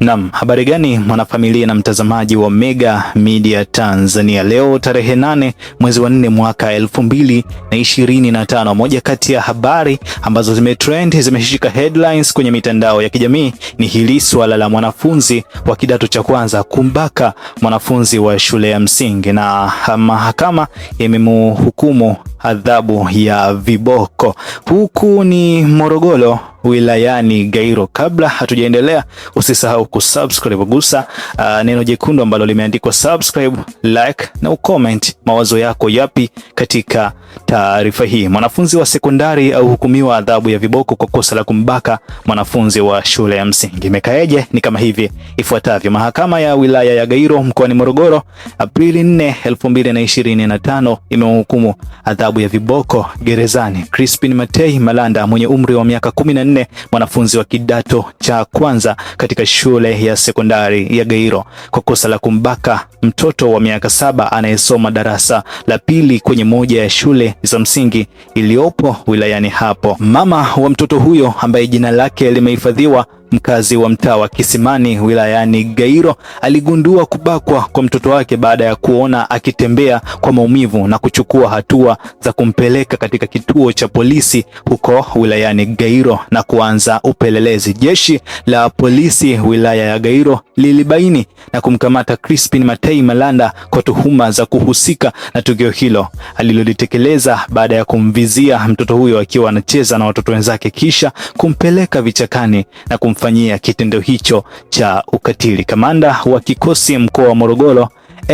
Nam, habari gani mwanafamilia na mtazamaji wa Mega Media Tanzania. Leo tarehe nane mwezi wa nne mwaka elfu mbili na ishirini na tano. Moja kati ya habari ambazo zimetrend zimeshika headlines kwenye mitandao ya kijamii ni hili swala la mwanafunzi wa kidato cha kwanza kumbaka mwanafunzi wa shule ya msingi, na mahakama imemhukumu adhabu ya viboko. Huku ni Morogoro wilayani Gairo. Kabla hatujaendelea, usisahau kusubscribe, gusa uh, neno jekundu ambalo limeandikwa subscribe, like na ucomment mawazo yako yapi katika taarifa hii. Mwanafunzi wa sekondari au hukumiwa adhabu ya viboko kwa kosa la kumbaka mwanafunzi wa shule ya msingi. Imekaeje? Ni kama hivi ifuatavyo. Mahakama ya wilaya ya Gairo mkoani Morogoro Aprili 4, 2025 imemhukumu adhabu ya viboko gerezani Crispin Matei Malanda mwenye umri wa miaka 14 nne mwanafunzi wa kidato cha kwanza katika shule ya sekondari ya Gairo kwa kosa la kumbaka mtoto wa miaka saba anayesoma darasa la pili kwenye moja ya shule za msingi iliyopo wilayani hapo. Mama wa mtoto huyo ambaye jina lake limehifadhiwa mkazi wa mtaa wa Kisimani wilayani Gairo aligundua kubakwa kwa mtoto wake baada ya kuona akitembea kwa maumivu na kuchukua hatua za kumpeleka katika kituo cha polisi huko wilayani Gairo na kuanza upelelezi. Jeshi la polisi wilaya ya Gairo lilibaini na kumkamata Crispin Matei Malanda kwa tuhuma za kuhusika na tukio hilo alilolitekeleza baada ya kumvizia mtoto huyo akiwa anacheza na watoto wenzake kisha kumpeleka vichakani na kum kumfanyia kitendo hicho cha ukatili. Kamanda wa kikosi mkoa wa Morogoro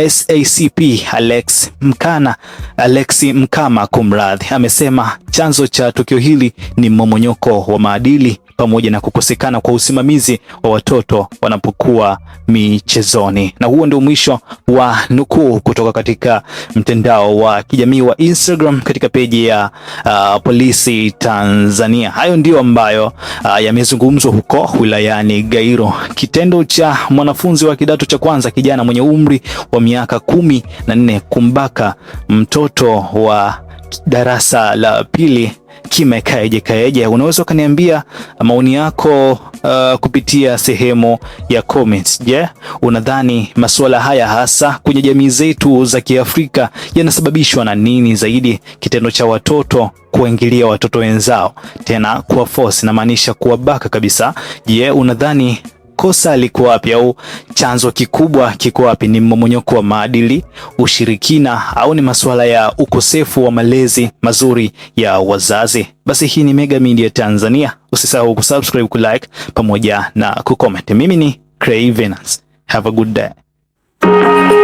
SACP Alex Mkana, Alex Mkama kumradhi, amesema chanzo cha tukio hili ni mmomonyoko wa maadili pamoja na kukosekana kwa usimamizi wa watoto wanapokuwa michezoni. Na huo ndio mwisho wa nukuu kutoka katika mtandao wa kijamii wa Instagram katika peji ya uh, polisi Tanzania. Hayo ndiyo ambayo uh, yamezungumzwa huko wilayani Gairo. Kitendo cha mwanafunzi wa kidato cha kwanza kijana mwenye umri wa miaka kumi na nne kumbaka mtoto wa darasa la pili kimekaeje kaeje. Unaweza ukaniambia maoni yako uh, kupitia sehemu ya comments. Je, yeah, unadhani masuala haya hasa kwenye jamii zetu za Kiafrika yanasababishwa na nini zaidi? Kitendo cha watoto kuwaingilia watoto wenzao, tena kuwa force, inamaanisha kuwabaka kabisa. Je, yeah, unadhani kosa liko wapi au chanzo kikubwa kiko wapi? Ni mmomonyoko wa maadili, ushirikina, au ni masuala ya ukosefu wa malezi mazuri ya wazazi? Basi hii ni Mega Media Tanzania. Usisahau kusubscribe, kulike pamoja na kucomment. Mimi ni Craven Venance. Have a good day.